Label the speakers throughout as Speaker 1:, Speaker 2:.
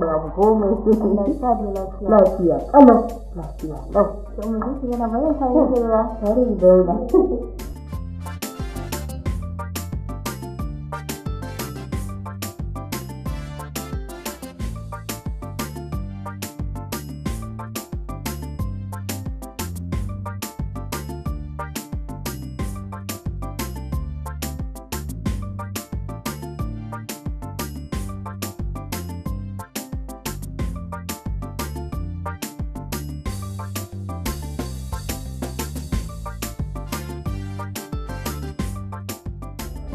Speaker 1: Babu komai. Lafiya kalau. Lafiya lau. To mu ji yana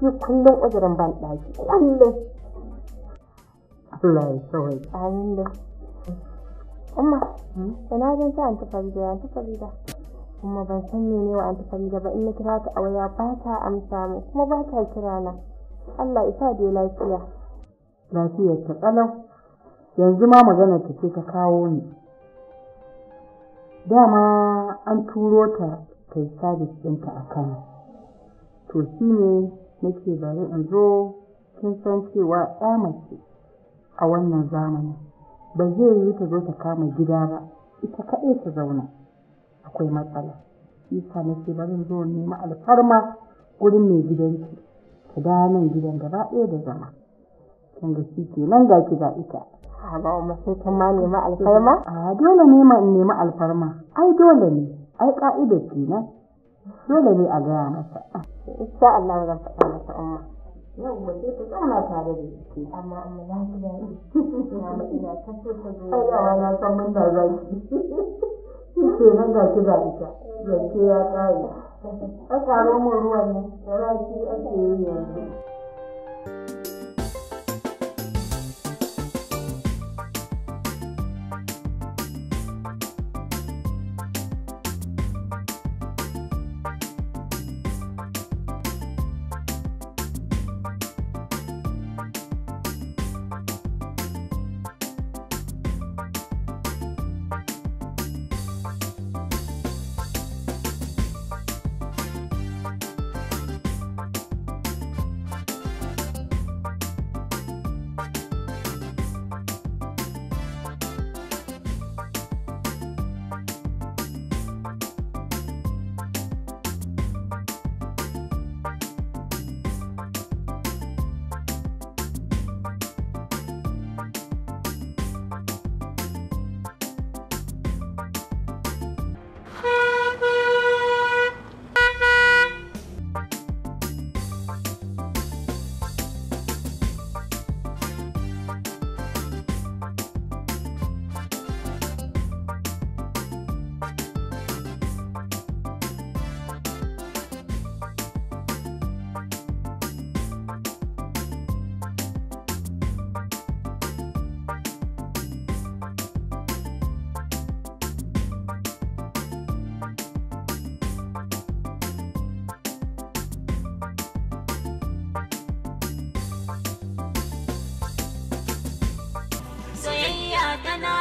Speaker 1: shi kullum uzurin ban ɗaki kullum Allah ya kawai amin da amma da hmm, na zan sa an farida an farida kuma ban san mene wa an farida ba in na kira ta a waya ba ta amsa mu kuma ba ta kira na Allah isa da lafiya lafiya ta tsalau yanzu ma magana ta ce ta kawo ni dama an turo ta kai sabis ɗinta a kano to shi ne nake bari in zo kin san cewa ɗa mace a wannan zamani ba zai yi ta zo ta kama gida ba ita kaɗai ta zauna akwai matsala isa nake bari in zo nemi alfarma gurin mai gidanki ta da nan gidan gaba ɗaya da zama kin ga shi nan ga ki ga ita Haba ma sai ta ma nemi alfarma? A dole ne ma in nemi alfarma. Ai dole ne. Ai ka'ida kenan. Dole ne a gaya masa. sha Allah zan faɗa maka amma shi na ji daɗi ta ta na san mun da zaki shi ke nan ga ki ita zance ya ƙare a ƙaro mun ruwan nan ra shi ake yi yanzu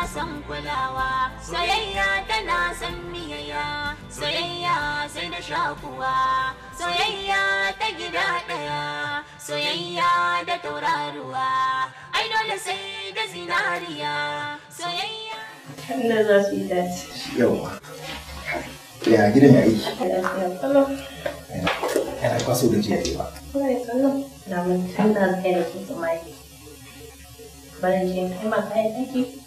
Speaker 1: san kulawa soyayya tana san
Speaker 2: miyaya soyayya sai da shakuwa soyayya ta gida ɗaya soyayya da tauraruwa ai dole sai da zinariya
Speaker 1: soyayya Ina za su yi dace. Yawa. Ya gidan ya aiki. Yana kwaso da jiya ba. Na mun tana kai da kuma yi. jiya kai ma kayan aiki.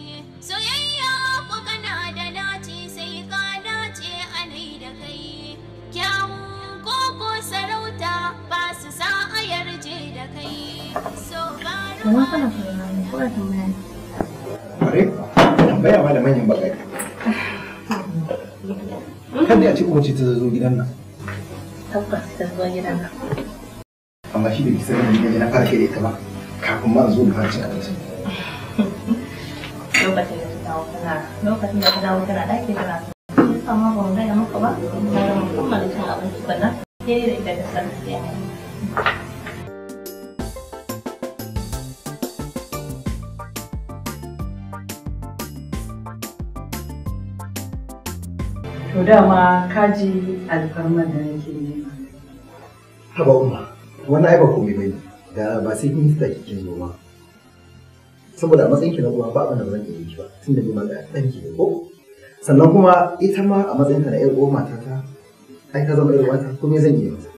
Speaker 1: kamar kana
Speaker 2: saurara ne
Speaker 3: ko
Speaker 1: da ma da manyan bagari kan ce uwa ce ta zo gidan nan
Speaker 2: ta zo gidan nan
Speaker 1: amma shi bai kisa da gidan na fara kai ita ba kafin ma zo da fara cin abinci
Speaker 2: lokacin da ta dawo tana lokacin da ta dawo kana daki kana amma ban gaya maka ba na musamman cin abinci sannan sai da ita ta sanar da
Speaker 1: To dama kaji alfarmar da nake nema. Haba umma, wani ai ba komai bai, Da ba sai kin tsaki kin zo ma. Saboda a matsayin ki na uwa ba abin da zan yi ba, tunda ni ma ga ɗan ki ko. Sannan kuma ita ma a matsayin ta na ƴar uwa ta ai ka zama ƴar uwata komai zan yi mata.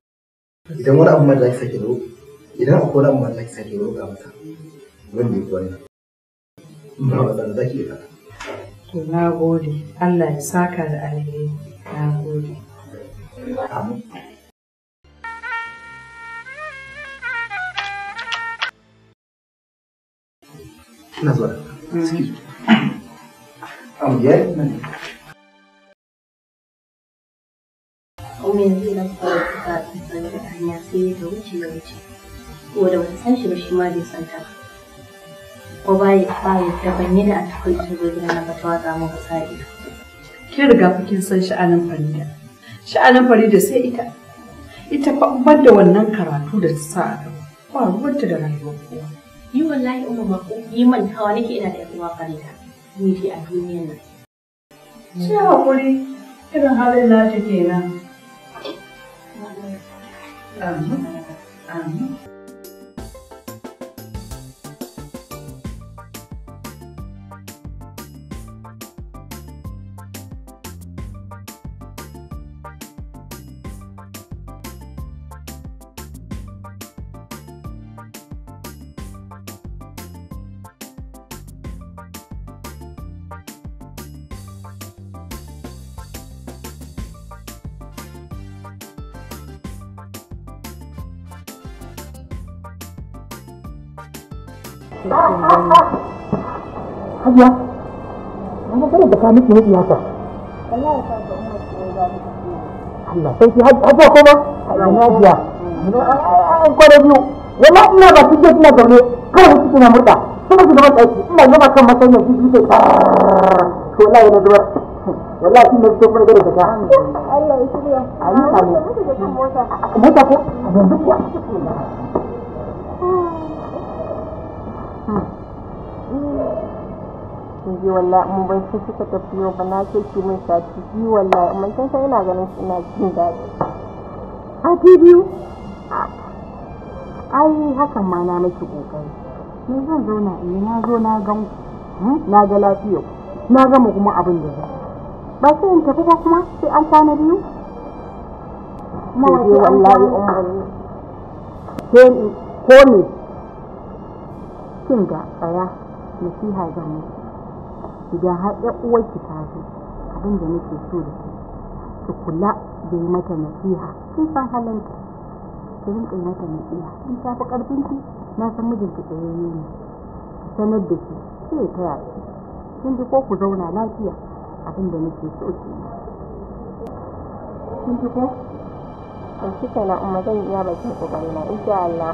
Speaker 1: Idan wani abu ma da zaki sake roƙo, idan akwai wani abu ma
Speaker 3: da zaki sake roƙa mata, zan yi wannan. Ba za ki iya
Speaker 1: faɗa. To na gode, Allah ya saka da alheri, na gode.
Speaker 3: Ina zuwa. Excuse me. Umi
Speaker 1: yanzu da hanya sai ya wuce da wuce. Ko da wani san shi ba shi ma bai san ta ba. ko ba ya ban yi bayyana a cikin shirin gidan na ba ta watsa mun sa'ida. Kin riga kin san sha'anin Farida. Sha'anin Farida sai ita. Ita fa da wannan karatu da ta sa a gaba. Ba ruwanta da rayuwar kowa. Yi wallahi umma ba ko ni mantawa nake ina da yan uwa Farida. Ni ke a duniyar nan. Sai hakuri irin halin nata kenan. Amin. Amin.
Speaker 3: Hajiya,
Speaker 1: wani sanar da kamun ki mafi haka. Allah sai ki hajiya Kuma ba? Hajiya. An kwana biyu. Wala ina ba ki ina zaune kawai ki kina murɗa. Sai ki zama tsaki ina zama kan masanya ki ki sai. To Allah yana zuwa. Wallahi kin kuma da ka. Allah ya shirya. Ayi amin. Mota ko? Yanzu kuwa. cikin jiwon la'amu ban san suka tafi yau ba na ce ki min sati jiwon la'amu ban san sai ina ganin ina jin daɗi ti biyu ai hakan ma na miki kokari ni zan zauna in na zo na gan hmm? na ga lafiya na gama kuma abin da zai ba sai in tafi ba kuma sai an kwana biyu
Speaker 3: kuma wallahi umma
Speaker 1: sai ko ne kin ga tsaya nasiha ga miki ga har ƴan ki ta zo abin da nake so da ki kula da yi mata nasiha kin san halinta ki rinƙa yi mata nasiha in ta fi ki na san mijinki tsayayye ne sanar da ki ya taya ki kin ji ko ku zauna lafiya abin da nake so ki kin ji ko to shi kenan zan iya bakin kokari na insha Allah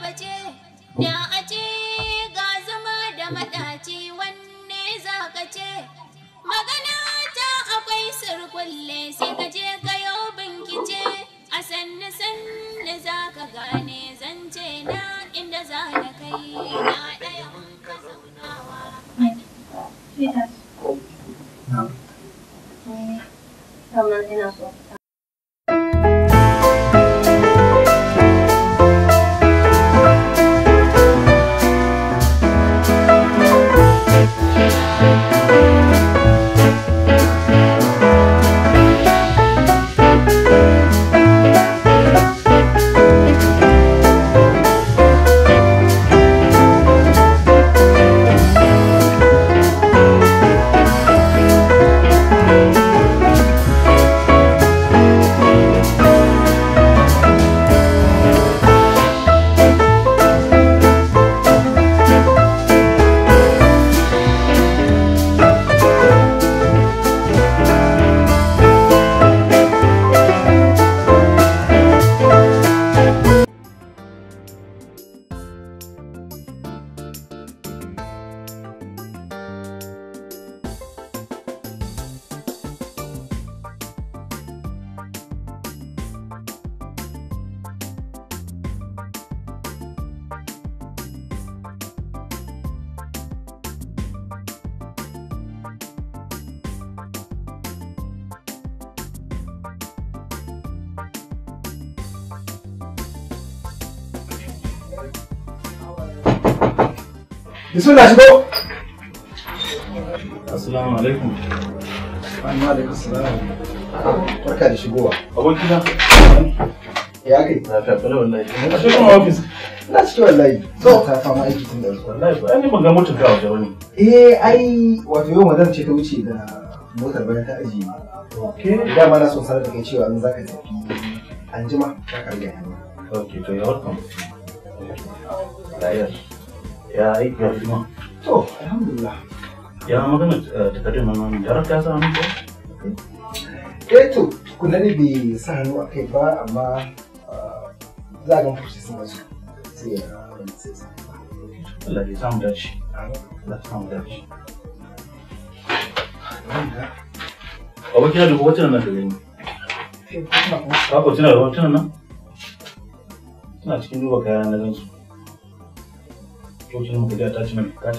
Speaker 2: baje oh. na aje
Speaker 1: Bismillah shigo. Assalamu alaikum. Assalamu alaikum. Barka da shigowa. Abokina. Ya kai. Na fi abdala wallahi. Na shi kuma ofis. Na ciki wallahi. So. Ta fama aiki tun da yanzu. Wallahi ba. Ai ban ga motar ka wajen wani. Eh ai wato yau madam ce ta wuce da motar bayan ta ajiye. da Dama na son sanar da kai cewa in za ka tafi anjima za ka karya. hanya. Okay to you're welcome. Lafiya. ya aiki ya to alhamdulillah ya magana eh, takardun nan darakta sa hannu ko eh to kuna ne bai sa hannu a kai ba amma ah, za a gan processing wasu sai ya Allah ya samu dace Allah ya samu dace Baba kina duba wacce nan da gani? Eh, ka ko tana da wacce nan? Tana cikin duba kaya na gansu. ko sunan ku da attachment ka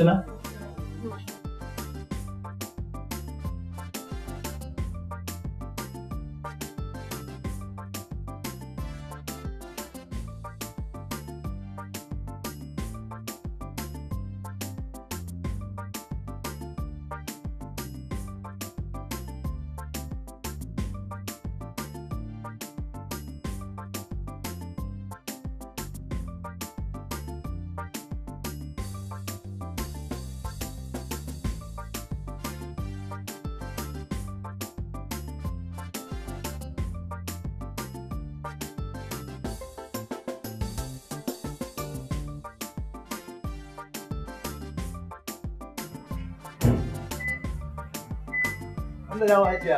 Speaker 1: an da dawo hajiya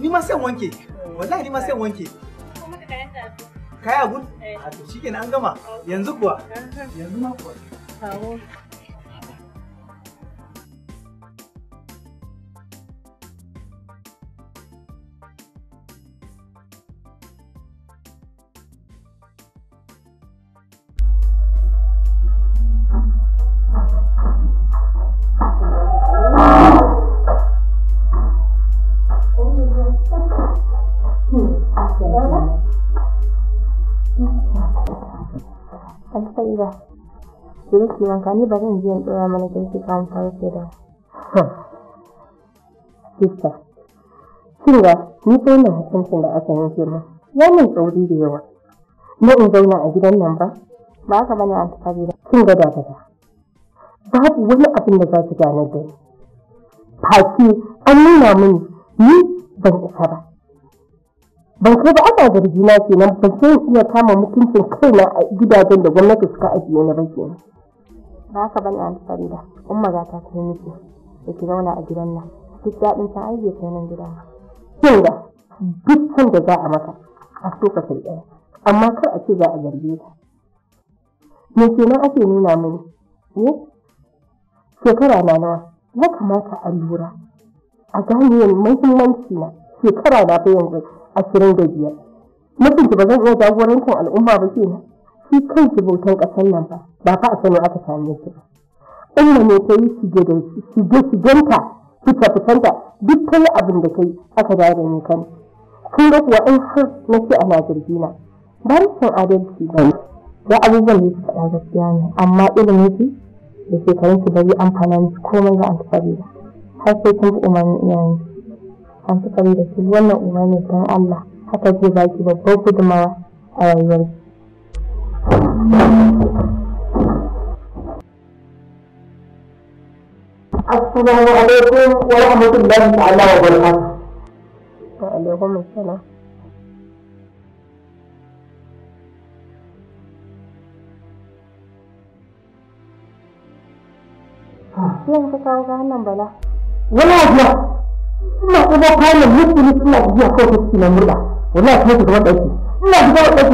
Speaker 1: ni ma sai wanke wallahi ni ma sai wanke kaya gud eh. a to shikenan an gama yanzu kuwa yanzu ma kuwa basira kirki wanka ni ba zan je in ɗora mana kirki kan farko da sista shin ni ko wannan hukuncin da aka yanke min ya min tsauri da yawa na in zauna a gidan nan ba ba haka bane an tafi gida kin ga da ta babu wani abin da za ki gane da ni faki an nuna mini ni ban isa ba ban ko ba ana zargi na nan ban sai iya kama mutuncin kaina a gidajen da gwamnati suka ajiye na ba kenan ba haka bane an da in maza ta kai miki da ke zauna a gidan nan duk daɗin ta aiki kai nan gida kin da duk can da za a maka a so ka kai ɗaya amma kar a ce za a zarge ka me nan ake nuna mini ko eh? shekara na nawa ya kamata a lura a gane mahimmanci na shekara na bayan zai. ashirin da biyar mutunci ba zan iya jagorancin al'umma ba ke nan. shi kanki bautan ƙasar nan ba ba fa a sani aka same shi ba inda ne ta yi shige-shigenta fita-fitanta duk ta yi abin da ta yi aka dawo da ni kan kun ga kuwa in har na ce a jirgina ba ni son adalci ba da abubuwan da suka ɗaga gaskiya ne amma ilimin ki da shekarun ki bari amfana miki komai ba an taɓa har sai kun fi umarnin iyayen an fi kare da su wannan umarni ta Allah haka ke baki babbar gudunmawa a rayuwar Assalamu alaikum wa rahmatullahi ta'ala wa barakatuh. Wa alaikum assalam. Ah. Yanzu ka ga nan bala. Yana zuwa ina kuma kwanan ne suna tafiya kawai ta murda wallahi kuma ɗauki ina ta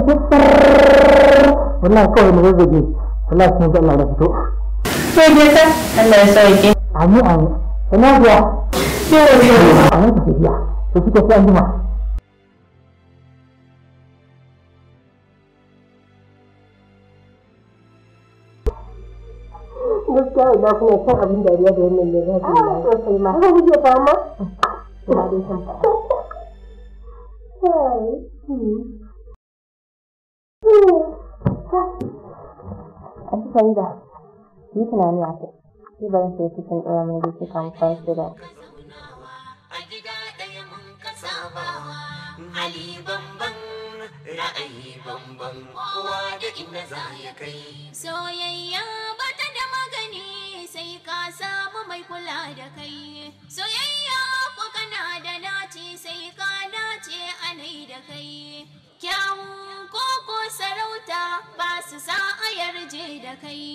Speaker 1: wallahi kawai na zazzage wallahi kuma na fito ta Allah ya sauke wani a nan ta tafiya ta an ina son abin dariya da wannan ne zai yi Bà đi không? Trời. Ừ. Anh thích đi đâu? يمكن أن يعطي يبقى أنت تكون أيام اللي تكون فاسدة
Speaker 2: Ali bamban ra'ayi bamban kowa da inda za ya kai soyayya sai ka samu mai kula da kai soyayya ko kana da naci sai ka nace anai da kai kyawun koko sarauta ba su sa a yarje da kai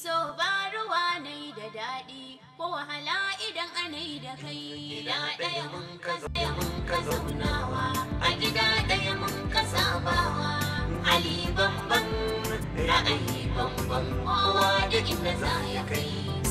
Speaker 2: so ba ruwa nai da daɗi ko wahala idan anai da kai gida ɗaya mun ka mun ka zaunawa a gida ɗaya mun ka sabawa ali bambam ra'ayi bambam kowa da inda za ya kai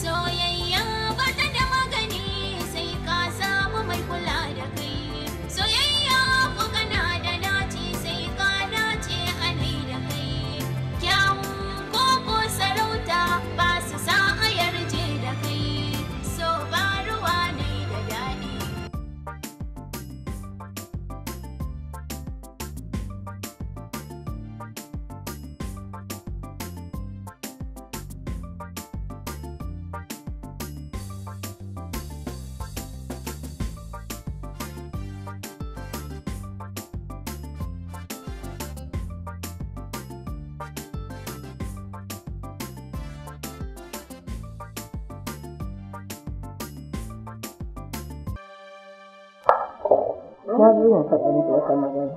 Speaker 1: na zo na faɗa miki wata magana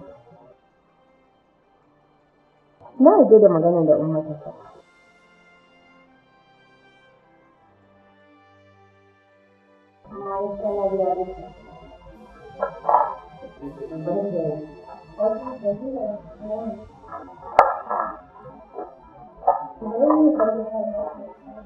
Speaker 1: na yarda da magana da umma ta Thank you.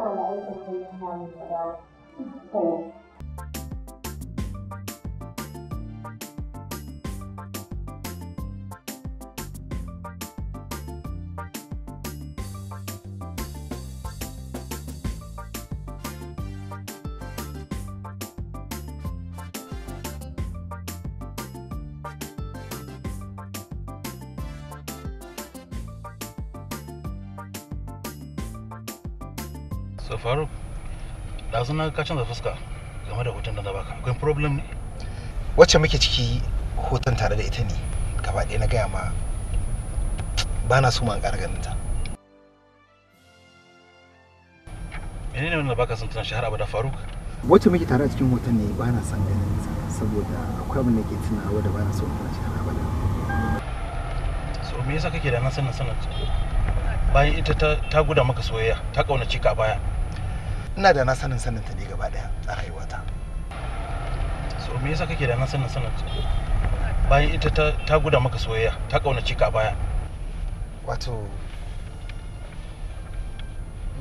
Speaker 1: Bueno, ahí se estoy pensando, pero... Sí. ɗazu na ka canza fuska game da hoton da na baka akwai problem ne wacce muke ciki hoton tare da ita ne gaba ɗaya na gaya ma ba na so ma an ƙara ta menene wannan baka sun tana shahara da faruk wacce muke tare a cikin hoton ne ba na san ganin ta saboda akwai abin da ke tunawa da ba na so tana shahara abada so me yasa kake da nan sanin sanin bayan ita ta guda maka soyayya ta kaunaci ka baya ina da na sanin sanin ta ne gaba daya a rayuwata so me yasa kake da na sanin sanin ta bayan ita ta, ta guda maka soyayya ta kaunaci ka baya wato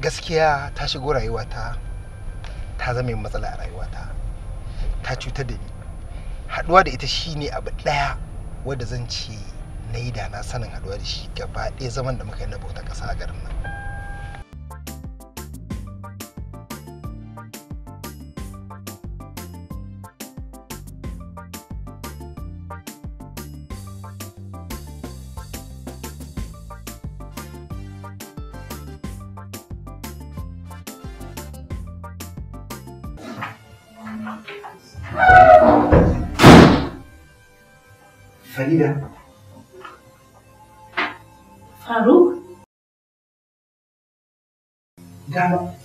Speaker 1: gaskiya ta shigo rayuwata ta zama matsala a rayuwata ta cutar da ni haduwa da ita shine abu daya wanda zan ce na yi da na sanin haduwa da shi gaba ɗaya zaman da muka yi na bauta ƙasa a garin nan
Speaker 2: Farida.
Speaker 3: Faruk? Dama,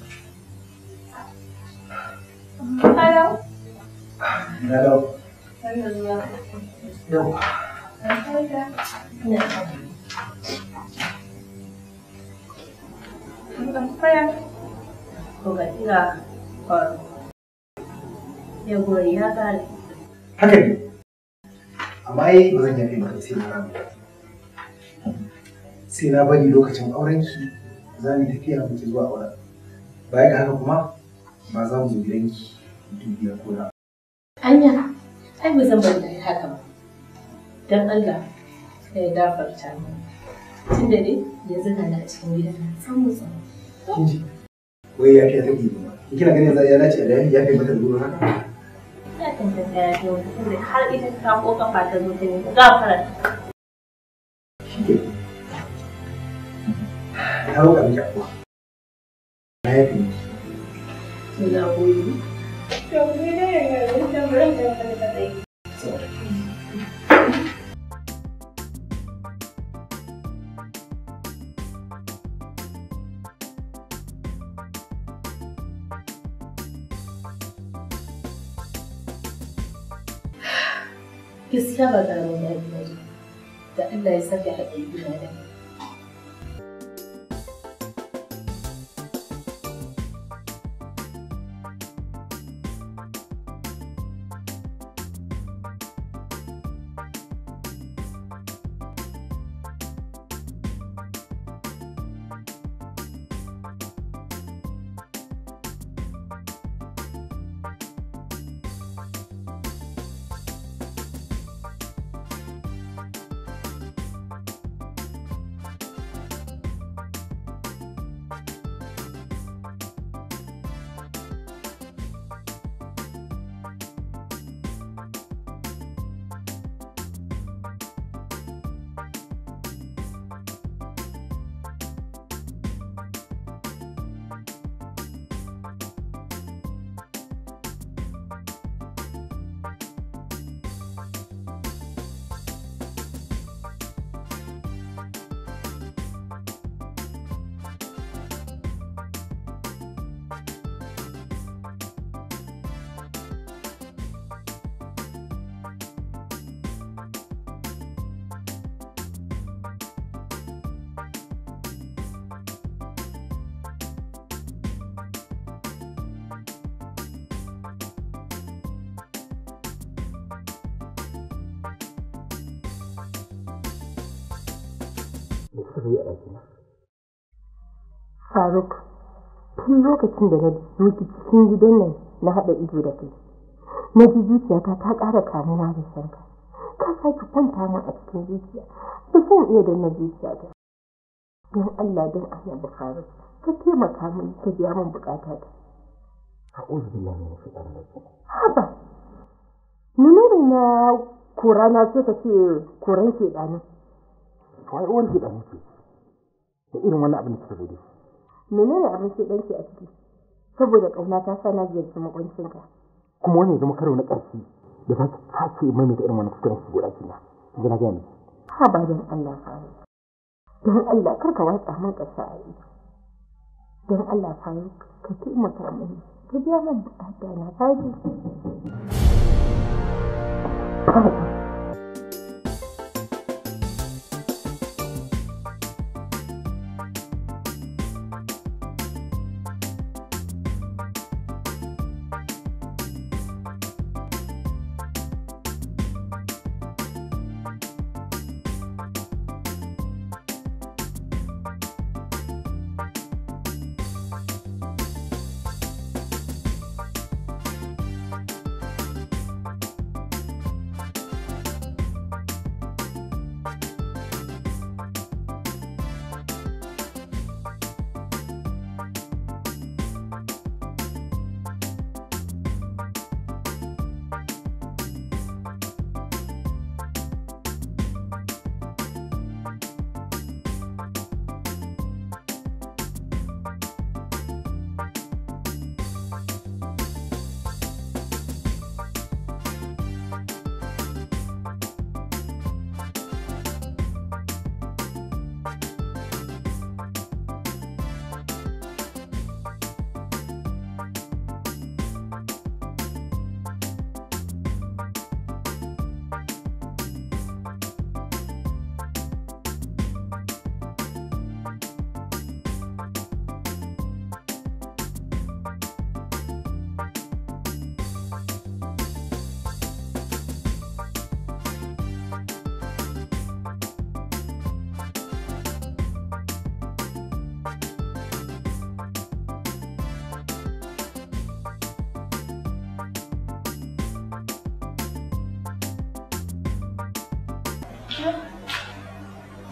Speaker 1: bari lokacin aurenki za mu tafiya mu ki zuwa auren baya ga haka kuma ba za mu zo gidanki dubiya ko na anya ai ba zan bari haka ba dan Allah ka ya gafarta mu tunda ne yanzu na a cikin gidan nan san kinji wai ya ke take ba kina ganin yanzu ya lace da ya kai mata duro haka ya tantance ya yi har idan ta ko kafa ta zo ta ne gafara
Speaker 3: ki haro ga ne na ne da kai
Speaker 1: gaskiya ba ƙaramin da Allah ya sake haɗe gida da
Speaker 3: da suka yi a ɗakina
Speaker 1: faruk tun lokacin da na zuci cikin gidan nan na haɗa ido da kai na ji zuciya ta ƙara kamuwa da shanka ka sake kwanta min a cikin zuciya ba zan iya zuciya ta. don allah don annabi faruk ka taimaka min ka biya min bukata ta a'udhu billahi min haba nuna na kura na sai ka ce ke shaidanin kawai uwar ki dan ce da irin wannan abin da kika zo menene abin ki dan ce a ciki saboda kauna ta sa na ziyarci makwancin ka kuma wani zama karo na ƙarshe da za ki sace mai da irin wannan kuskuren ki guda ki na ji na ha ba dan Allah fare dan Allah kar ka watsa min kasa a ido dan Allah fare ka taimaka mini ka biya min bukata na fare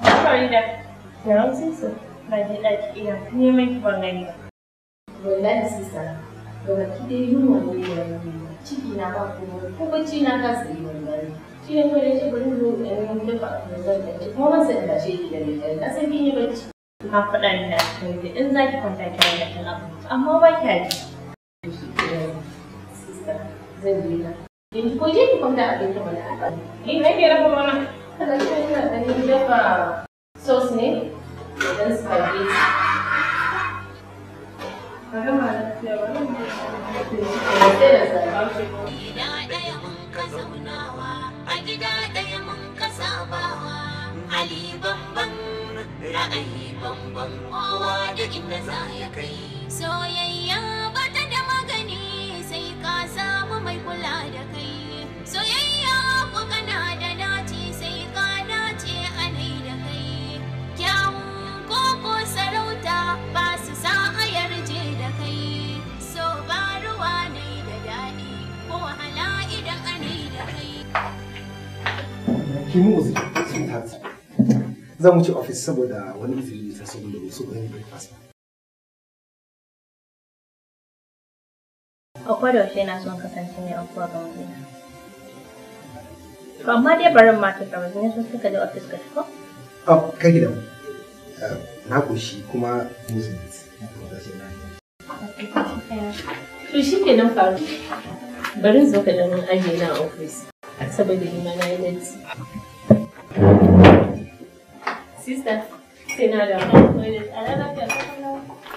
Speaker 1: Farida, da ramsin su na je ɗaki ina neman ki ban gani ba. Wallahi sista, ga baki dai yunwa ne Ciki na ba komai, ko bacci na kasa yi wani gani. Shi ne kawai da ce bari zo da yin dafa abin kuma ban san da ce ki da mai na san kin yi bacci. Na faɗa ni na cikin da za ki kwanta ki rinka cin abinci amma ba ki haji. Sista, zan je na. Yanzu ko je ki kwanta a bai ta mana. Ni na ke rafa mana. and you have a sauce name, spaghetti. Gida
Speaker 2: ɗaya mun
Speaker 1: himu uzuri sun tatsi zan wuce ofis saboda wani uzuri ta da wasu ɗan breakfast
Speaker 3: a kodayaushe na son kasance mai afuwa ga wajena
Speaker 2: to amma dai barin mata ta wajen sun suka je ofis ka shigo
Speaker 3: a kai gidan na koshi kuma musu
Speaker 1: to shi ke nan faru barin zo ka da mun na ofis saboda ni ma na yi
Speaker 3: no, no, no, no,